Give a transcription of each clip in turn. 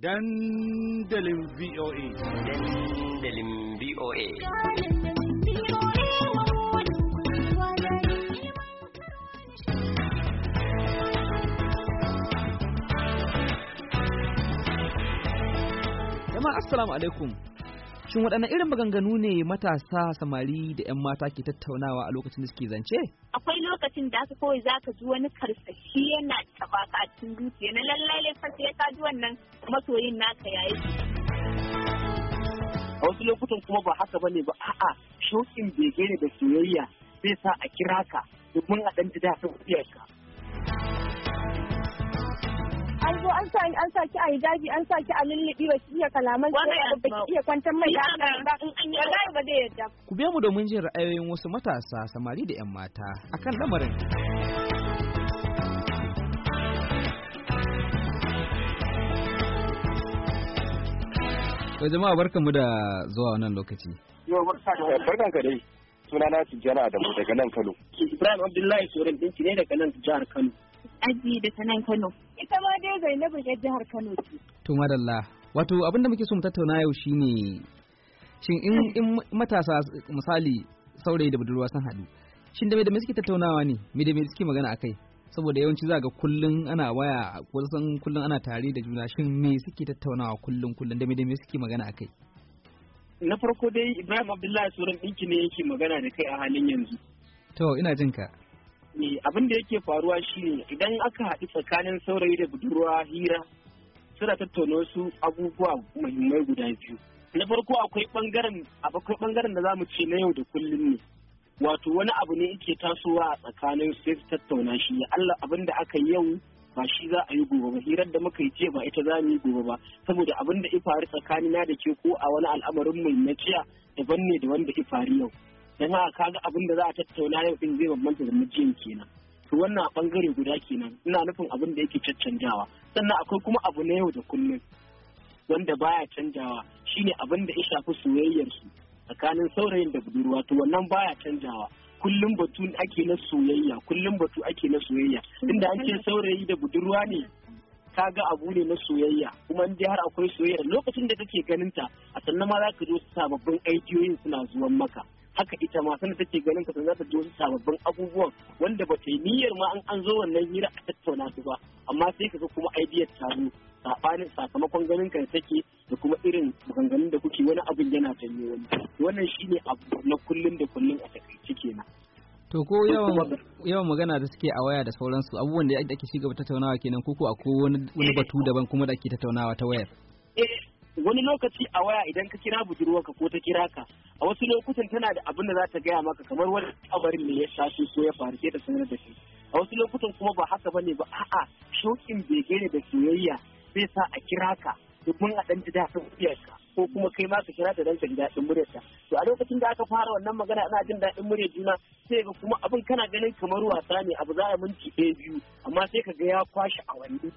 dandalin VOA. Dandalin VOA. Jama'a Assalamu alaikum. Shin waɗanne irin maganganu ne matasa samari da 'yan mata ke tattaunawa a lokacin da suke zance? Akwai lokacin da aka kawai za ka ji wani karsashi yana taba ka a cikin zuciya na lallai fa sai ka ji wannan masoyin naka yayi. A wasu lokutan kuma ba haka bane ba a'a shokin bege ne da soyayya zai sa a kira ka domin a ɗan ji da ka. an zo an sa an sa ki a hijabi an sa ki a lullubi ba ki iya kalaman sai ba ki iya kwantar mai da hankali ba zai yarda ku biya mu domin jin ra'ayoyin wasu matasa samari da 'yan mata akan lamarin To jama'a barkanmu da zuwa wannan lokaci. Yau barkan ka dai. Sunana Tijjana Adamu daga nan Kano. Ibrahim Abdullahi Sorin ɗinki ne daga nan jihar Kano. Aji daga nan Kano. ita ma dai Zainabu ya jihar Kano ce. To madalla wato abinda muke so mu tattauna yau shine shin in in matasa misali saurayi da budurwa sun haɗu shin da me da me suke tattaunawa ne me da me suke magana akai saboda yawanci za ga kullun ana waya kusan kullun ana tare da juna shin me suke tattaunawa kullun kullun da me da me suke magana akai na farko dai Ibrahim Abdullahi Suran ɗinki ne yake magana da kai a halin yanzu to ina jin ka Eh, abin da yake faruwa shine idan aka haɗu tsakanin saurayi da budurwa hira suna tattauna wasu abubuwa muhimmai guda biyu na farko akwai bangaren akwai bangaren da zamu ce na yau da kullum ne wato wani abu ne yake tasowa a tsakanin su su tattauna shi ne? Allah abin da aka yau ba shi za a yi gobe ba hirar da muka yi jiya ba ita za mu yi gobe ba saboda abin da ya faru tsakanina da ke ko a wani al'amarin mai na jiya daban ne da wanda ya faru yau don haka kaga abin da za a tattauna yau in zai bambanta da mijiyan kenan to wannan bangare guda kenan ina nufin abin da yake caccanjawa sannan akwai kuma abu na yau da kullum wanda baya canjawa shine abin da ya shafi soyayyar su tsakanin saurayin da budurwa to wannan baya canjawa kullum batu ake na soyayya kullum batu ake na soyayya inda an ce saurayi da budurwa ne ka ga abu ne na soyayya kuma in har akwai soyayya lokacin da kake ganin ta a sannan ma za ka zo sababbin aikiyoyin suna zuwan maka haka ita ma sanda take ganin ka za ta ji wasu sababbin abubuwan wanda ba ta yi niyyar ma an zo wannan hira a tattauna su ba amma sai ka ga kuma aidiyar ta zo sabanin sakamakon ganin kan take da kuma irin maganganun da kuke wani abin yana janyo wani wannan shine abu na kullun da kullun a takaice kenan to ko yawan yawan magana da suke a waya da sauransu abubuwan da ake shiga gaba tattaunawa kenan ko ko akwai wani batu daban kuma da ake tattaunawa ta wayar eh, wani lokaci a waya idan ka kira budurwarka ko ta kira ka a wasu lokutan tana da abin da za ta gaya maka kamar wani abarin ne ya shafi ko ya faru sai ta sanar da shi a wasu lokutan kuma ba haka bane ba a'a shokin bege ne da soyayya zai sa a kira ka mun a dan ji daɗin ka, ko kuma kai ma ka kira ta dan ka ɗin daɗin ta. to a lokacin da aka fara wannan magana ana jin daɗin muryar juna sai ga kuma abin kana ganin kamar wasa ne abu za a minti ɗaya biyu amma sai ka ga ya kwashe awanni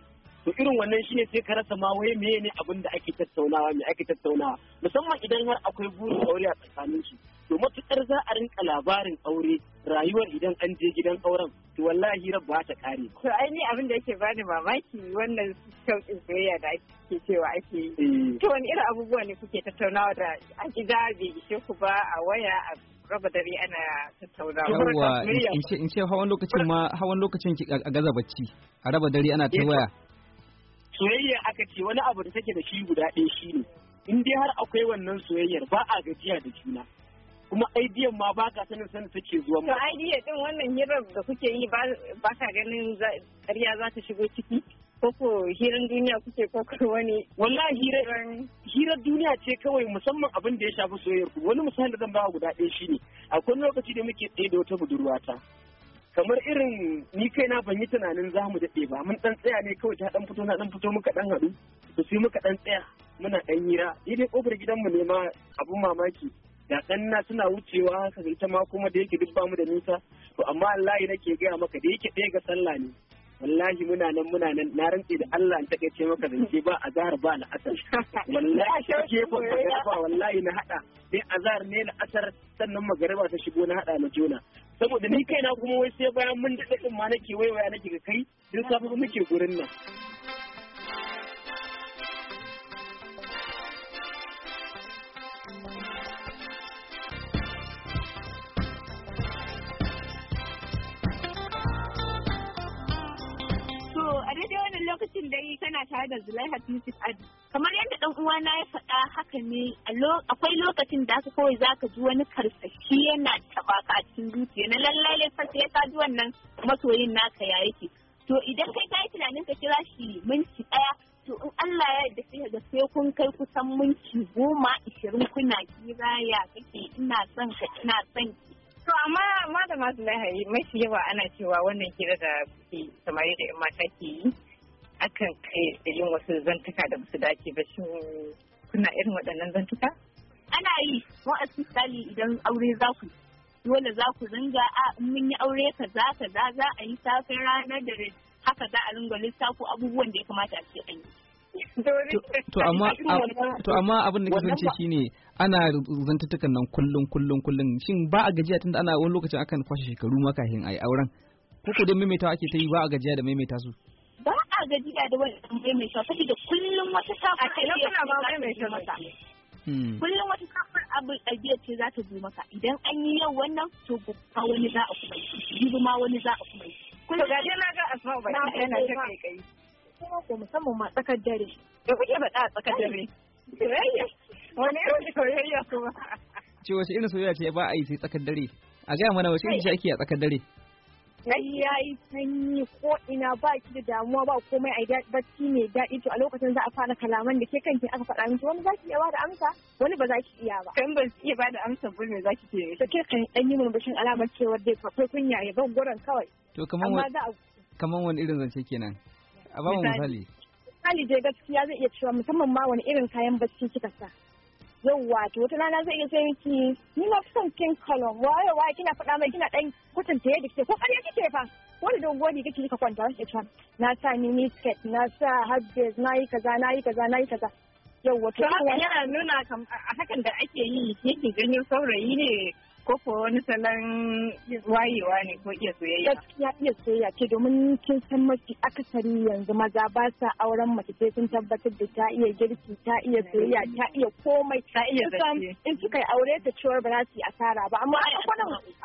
to irin wannan shine sai ka rasa ma wai meye ne abin da ake tattaunawa me ake tattaunawa musamman idan har akwai burin aure a tsakanin su to matukar za a rinka labarin aure rayuwar idan an je gidan auren to wallahi ran ba ta kare to ai ni abin da yake bani mamaki wannan sauƙin soyayya da ake cewa ake eh. to wani irin abubuwa ne kuke tattaunawa da a gida bai ishe ku ba a waya a raba dare ana tattaunawa Yawwa in ce hawan lokacin ma hawan lokacin ki a gaza bacci a raba dare ana ta eh, waya soyayya aka ce wani abu da take da shi guda ɗaya shi ne in dai har akwai wannan soyayyar ba a gajiya da juna kuma aidiyan ma ba ka sanin sanin take zuwa ma. To din wannan hirar da kuke yi ba ka ganin ƙarya za ta shigo ciki? Koko hirar duniya kuke koko wani? Wallahi hirar duniya ce kawai musamman abin da ya shafi soyayyar ku. Wani misali da zan ba guda ɗaya shine akwai lokaci da muke tsaye da wata budurwata. kamar irin ni kaina ban yi tunanin za mu daɗe ba mun ɗan tsaya ne kawai ta ɗan fito na ɗan fito muka ɗan haɗu to sai muka ɗan tsaya muna ɗan hira idan ƙofar gidanmu ne ma abun mamaki da na suna wucewa haka ita ma kuma da yake duk mu da nisa to amma wallahi nake gaya maka da yake ɗaya ga sallah ne wallahi muna nan muna nan na rantse da Allah an takaice maka zance ba azhar ba al'asar wallahi ke ba wallahi na hada dai azhar ne la'asar asar sannan magariba ta shigo na hada na jona saboda ni kaina kuma wai sai bayan mun daɗe ma nake waiwaya nake ga kai duk safe muke gurin nan lokacin dai kana tare da Zulaiha Yusuf Adi. Kamar yadda uwa na ya faɗa haka ne akwai lokacin da aka kawai za ka ji wani karsashi yana taɓa ka a cikin dukiya na lallai fa sai ka ji wannan masoyin naka ya yake. To idan kai ka yi tunanin ka kira shi minti ɗaya to in Allah ya yarda sai ga sai kun kai kusan minti goma ishirin kuna kira ya kake ina son ka ina son ki. To amma ma da ma Zulaiha mafi yawa ana cewa wannan kira da kuke samari da 'yan mata ke yi akan kai yin wasu zantuka da basu dace ba shi kuna irin waɗannan zantuka? Ana yi wa'asu tsali idan aure za ku dole za ku ringa a mun yi aure kaza kaza za a yi safin ranar da haka za a ringa lissafo abubuwan da ya kamata a ce an yi. To amma abin da kasance shine ana zantuttukan nan kullum kullum kullum shin ba a gajiya tunda ana wani lokacin akan kwashe shekaru makahin a yi auren ko ko dai maimaitawa ake ta yi ba a gajiya da maimaita su. gajiya da mai maimaita saboda kullum wata safa a ce masa hmm. kullum wata kafar abin ajiyar ce za ta zo maka idan an yi yau wannan to ba wani za a kuma yi ba wani za a kuma yi kullum ga dai na ga asma ba yana ta kai kai kuma ko musamman ma tsakar dare da kuke faɗa a tsakar dare soyayya wani irin soyayya kuma ce wace irin soyayya ce ba a yi sai tsakar dare a gaya mana wace irin shi ake a tsakar dare gari ya yi sanyi ko ina ba ki da damuwa ba komai a daɗi bacci mai daɗi to a lokacin za a fara kalaman da ke kanki aka faɗa miki wani za ki iya bada amsa wani ba za ki iya ba kan ba iya bada amsa ba me za ki ke to ke kan ɗan yi murmushin alamar cewa dai akwai kunya ya ban gurin kawai to kaman wani kaman wani irin zance kenan a ba mu misali misali dai gaskiya zai iya cewa musamman ma wani irin kayan bacci kika sa yauwa to wata rana zai iya sai miki ni na son kin kalo waye waye kina faɗa mai kina dan kutunta yadda kike ko ƙarya kike fa wani don ne kike ka kwanta wani ita na sa ni ni sket na sa hadde na yi kaza na yi kaza na yi kaza yauwa to hakan yana nuna a hakan da ake yi yake ganin saurayi ne ko ko wani salon wayewa ne ko iya soyayya gaskiya iya soyayya ce domin kin san mafi akasari yanzu maza ba sa auren mace sai sun tabbatar da ta iya girki ta iya soyayya ta iya komai ta iya zaki in kika yi aure ta ciwar ba za su yi asara ba amma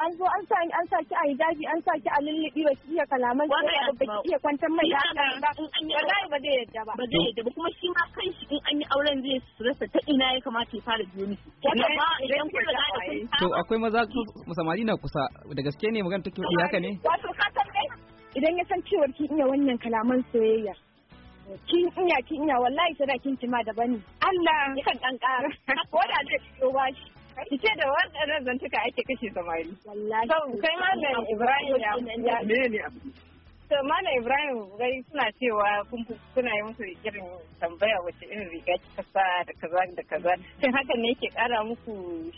an zo an sa an sa ki a hijabi an sa ki a lullubi ba ki iya kalaman ki ba ki iya kwantar mai da ba wallahi ba zai yadda ba ba zai yadda ba kuma shi ma shi in an yi auren zai rasa ta ina ya kamata ya fara biyo da to akwai maza su samari na kusa da gaske ne magana take wuce haka ne wato kasan ne idan ya san cewar kin iya wannan kalaman soyayya kin iya kin iya wallahi kin ci ma daban ne Allah kan dan ƙara ko da zai fito ba shi Ice da waɗannan zantuka ake kashe samari. Wallahi. Kai ma da Ibrahim ya. Ne ne To Ibrahim gari suna cewa kun kuna yi musu irin tambaya wace irin riga kika sa da kaza da kaza. sai hakan ne ke kara muku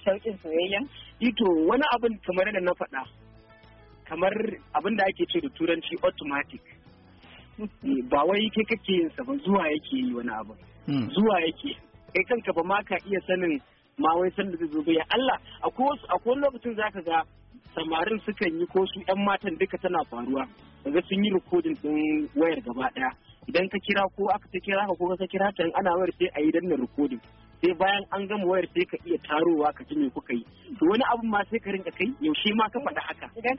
shauƙin soyayya? Ito wani abin kamar da na faɗa. Kamar abin da ake ce da turanci automatic. Ba wai kai kake yin sa ba zuwa yake yi wani abu. Hmm. Zuwa yake. Kai kanka ba ma ka iya sanin ma wai san da zai zo ya Allah akwai wani lokacin zaka ga samarin sukan yi ko su 'yan matan duka tana faruwa. kaga sun yi rikodin din wayar gaba daya idan ka kira ko aka ta kira ka ko ka kira ta ana wayar sai a yi danna rikodin sai bayan an gama wayar sai ka iya tarowa ka ji me kuka yi to wani abun ma sai ka rinka kai yaushe ma ka faɗa haka idan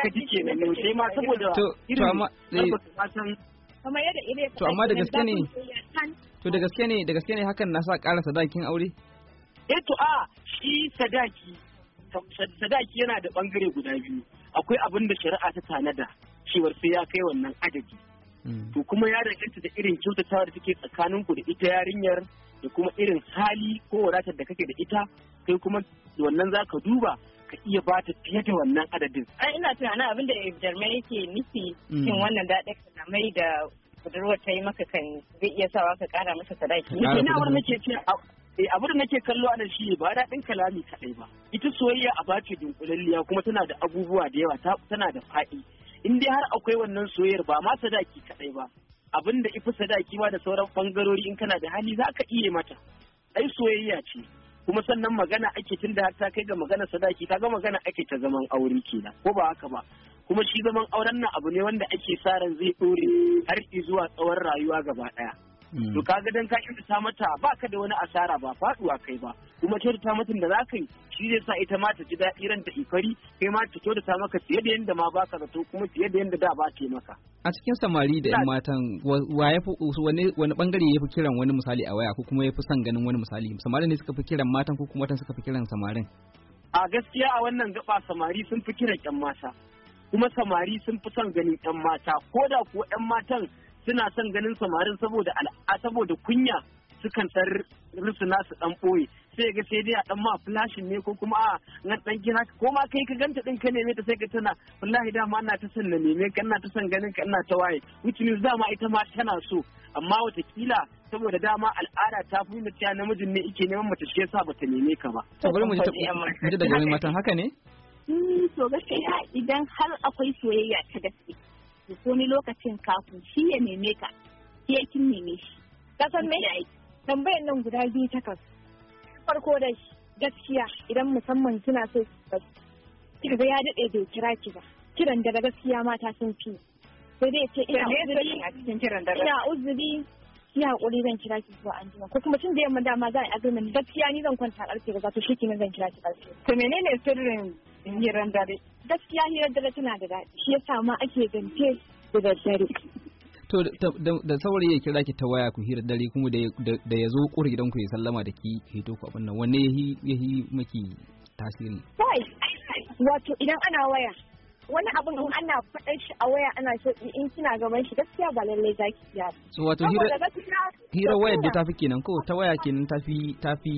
ka ji kenan yaushe ma saboda to kamar to amma da gaske ne to da gaske ne da gaske ne hakan na sa ƙara sadakin aure eh to a shi sadaki sadaki yana da bangare guda biyu akwai abin da shari'a ta tanada cewar sai ya kai wannan adadi hmm. to kuma ya danganta da irin kyautatawa da take tsakanin ku da ita yarinyar da kuma irin hali ko wadatar da kake da ita kai kuma wannan za ka duba ka iya ba ta fiye da wannan adadin. Ai ina tunanin abin da jarmai yake nufi hmm. cin wannan daɗin mai da budurwar ta yi maka kan zai iya sawa ka kara masa sadaki. Ina wani ce eh abu da nake kallo anan shi shi ba daɗin kalami kaɗai ba ita soyayya a bace dunkulalliya kuma tana da abubuwa da yawa tana da faɗi in dai har akwai wannan soyayyar ba ma sadaki kaɗai ba abin da ifi sadaki ma da sauran bangarori in kana da hali za ka iya mata ai soyayya ce kuma sannan magana ake tun da har ta kai ga magana sadaki kaga magana ake ta zaman aure kenan ko ba haka ba kuma shi zaman auren nan abu ne wanda ake sa ran zai ɗore har zuwa tsawon rayuwa gaba ɗaya Mm. to kaga dan ka kyautata mata ba ka da wani asara ba faduwa kai ba kuma kyautata mata da zaka yi shi zai sa ita ma ta ji daɗi ran ta ifari kai ma ta kyautata maka fiye da yanda ma ba ka to kuma fiye da yanda da ba ta maka a cikin samari da yan matan wani wani bangare ya fi kiran wani misali a waya ko kuma ya fi son ganin wani misali samarin ne suka fi kiran matan ko kuma matan suka fi kiran samarin a gaskiya a wannan gaba samari sun fi kiran yan mata kuma samari sun fi son ganin yan mata ko da kuwa yan matan suna son ganin samarin saboda al'a saboda kunya sukan ɗan rusu nasu dan boye sai ga sai dai a dan ma flashin ne ko kuma a na dan gina ko ma kai ka ganta din ka neme ta sai ka tana wallahi dama ina ta son na neme ka na ta son ganin ka ina ta waye which means dama ita ma tana so amma watakila saboda dama al'ada ta fi nuna cewa namijin ne ike neman mace shi yasa bata neme ka ba. to bari mu ji daga wani matan haka ne. Hmm, to gaskiya idan har akwai soyayya ta gaske Ko ni lokacin kafin shi ya neme ka shi ya kin neme shi kasan me tambayan nan guda biyu takas farko shi gaskiya idan musamman kina so kika ga ya dade bai kira ki ba kiran da gaskiya mata sun fi sai dai ce ina uzuri a cikin kiran daga ina uzuri ki hakuri zan kira ki zuwa anjima ko kuma tun da yamma dama za a yi agreement gaskiya ni zan kwanta karfe ba to shi kenan zan kira ki karfe to menene sirrin hiran dare gaskiya hirar dare tana da daɗi shi yasa ma ake zance da daddare to da saurayi ya kira ki ta waya ku hirar dare kuma da ya zo ƙuri gidan ku ya sallama da ki hito ku abin nan wanne ya yi maki tasiri kai wato idan ana waya wani abun in ana faɗa shi a waya ana so in kina gaban shi gaskiya ba lallai za ki ya so wato hirar wayar da fi kenan ko ta waya kenan ta fi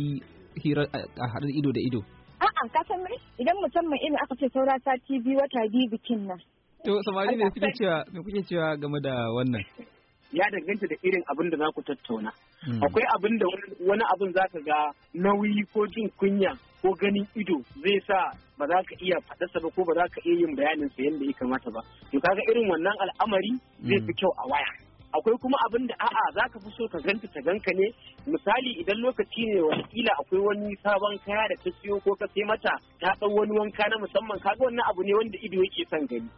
hirar a haɗar ido da ido na'am ka san mai idan musamman in aka ce saura sati biyu wata biyu bikin nan to samari me kuke cewa me kuke cewa game da wannan ya danganta da irin abin da za ku tattauna hmm. akwai abin da wani abin za ka ga nauyi ko jin kunya ko ganin ido zai sa ba za ka iya faɗarsa ba ko ba za ka iya yin bayanin sa yadda ya kamata ba to kaga irin wannan al'amari zai fi hmm. kyau a waya akwai kuma abin da a'a za ka fi so ka ganta ta ganka ne misali idan lokaci ne watakila akwai wani sabon kaya da ta siyo ko ka sai mata ta ɗau wani wanka na musamman kaga wannan abu ne wanda ido yake son gani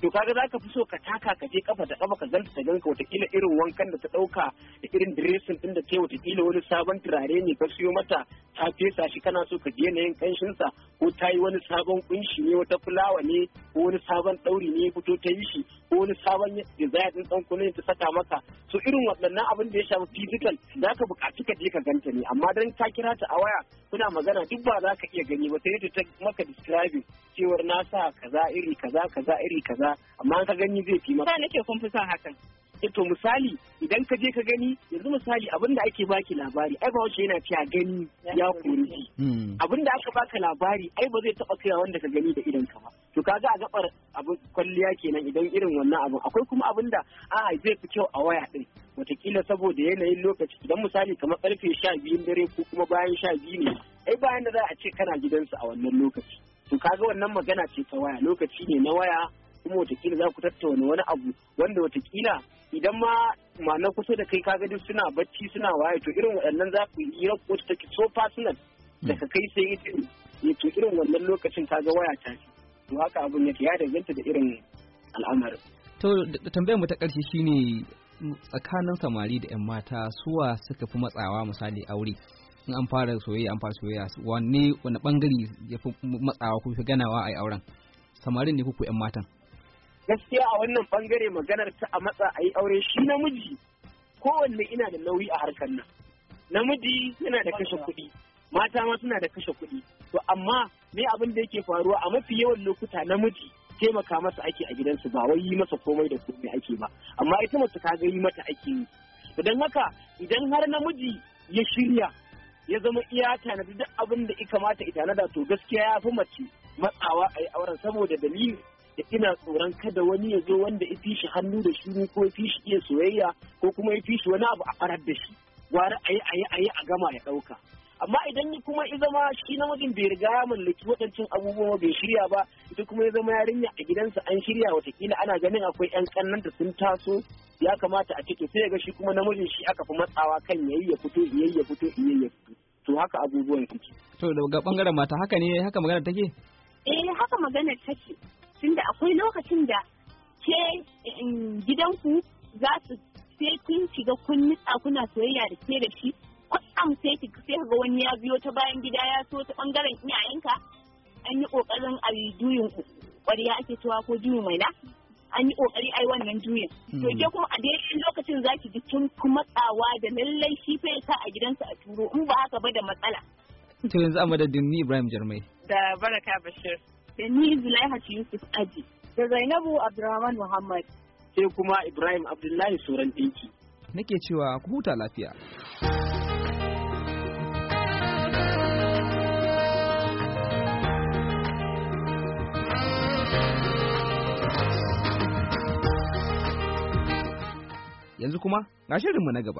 to kaga zaka fi so ka taka ka je kafa da kafa ka zanta ta ganka watakila irin wankan da ta dauka da irin dressing din da ke watakila wani sabon turare ne ka siyo mata ta fesa shi kana so ka je na yin kanshin sa ko ta yi wani sabon kunshi ne wata fulawa ne ko wani sabon ɗauri ne fito ta yi shi ko wani sabon design din dan kullun ta saka maka so irin waɗannan abin da ya shafi physical zaka buƙaci ka je ka ganta ne amma dan ta kira ta a waya suna magana duk ba za ka iya gani ba sai ta maka describing cewar na sa kaza iri kaza kaza iri kaza amma ka gani zai fi maka. Sa nake kun fi son hakan. Eh, to misali idan ka je ka gani yanzu misali abin da ake baki labari ai ba yana cewa gani ya kori hmm. abin da aka baka labari ai ba zai taba kaiwa wanda ka gani da idan ka ba to kaga a gabar abin kwalliya kenan idan irin wannan abin akwai kuma abin da a zai fi kyau a waya din watakila saboda yanayin lokaci idan misali kamar karfe sha biyun dare ko kuma bayan sha biyu ne ai bayan da za a ce kana gidansu a wannan lokaci to kaga wannan magana ce ta waya lokaci ne na waya kuma watakila za ku tattauna wani abu wanda watakila idan ma ma na kusa da kai kaga duk suna bacci suna waye to irin waɗannan za ku yi rabu wacce take so personal daga kai sai ya to irin wannan lokacin kaga waya ta to haka abin yake ya danganta da irin al'amarin. to tambayar mu ta ƙarshe shine tsakanin samari da 'yan mata suwa suka fi matsawa misali aure in an fara soyayya an fara soyayya wanne wani bangare ya fi matsawa ko fi ganawa a auren samarin ne kuku 'yan matan gaskiya a wannan bangare maganar ta a matsa a yi aure shi namiji kowanne ina da nauyi a harkar nan namiji yana da kashe kuɗi mata ma suna da kashe kuɗi to amma me abin da yake faruwa a mafi yawan lokuta namiji taimaka masa ake a gidansu ba wai yi masa komai da komai ake ba amma ita mace ka ga yi mata ake yi Idan haka idan har namiji ya shirya ya zama iya tanadi duk abin da ya kamata ita na da to gaskiya ya fi mace matsawa a yi auren saboda dalili da ina tsoron kada wani ya zo wanda ya fi shi hannu da shuru ko ya fi shi iya soyayya ko kuma ya fi shi wani abu a farar da shi gwara a yi a yi a gama ya ɗauka amma idan ni kuma ya zama shi namijin bai riga ya mallaki waɗancan abubuwa bai shirya ba ita kuma ya zama yarinya a gidansa an shirya watakila ana ganin akwai yan kannan da sun taso ya kamata a cike sai ga shi kuma namijin shi aka fi matsawa kan yayi ya fito yayi ya fito yayi ya fito to haka abubuwan suke to daga bangaren mata haka ne haka magana take eh haka magana take tunda akwai lokacin da ke gidanku za su sai kun shiga kun nitsa kuna soyayya da ke da shi kwatsam sai ki sai ga wani ya biyo ta bayan gida ya so ta bangaren iyayenka an yi kokarin a juyin kwariya ake cewa ko juyin na an yi kokari ai wannan juyin to hmm. ke kuma a daidai lokacin za ki ji kin matsawa da lallai shi fa ya sa a gidansa a turo in ba haka ba da matsala to yanzu a madadin ni Ibrahim Jarmai da Baraka Bashir da ni Zulaihat Yusuf Aji da Zainabu Abdurrahman Muhammad sai kuma Ibrahim Abdullahi Suran Dinki nake cewa ku huta lafiya Yanzu kuma ga shirinmu na gaba.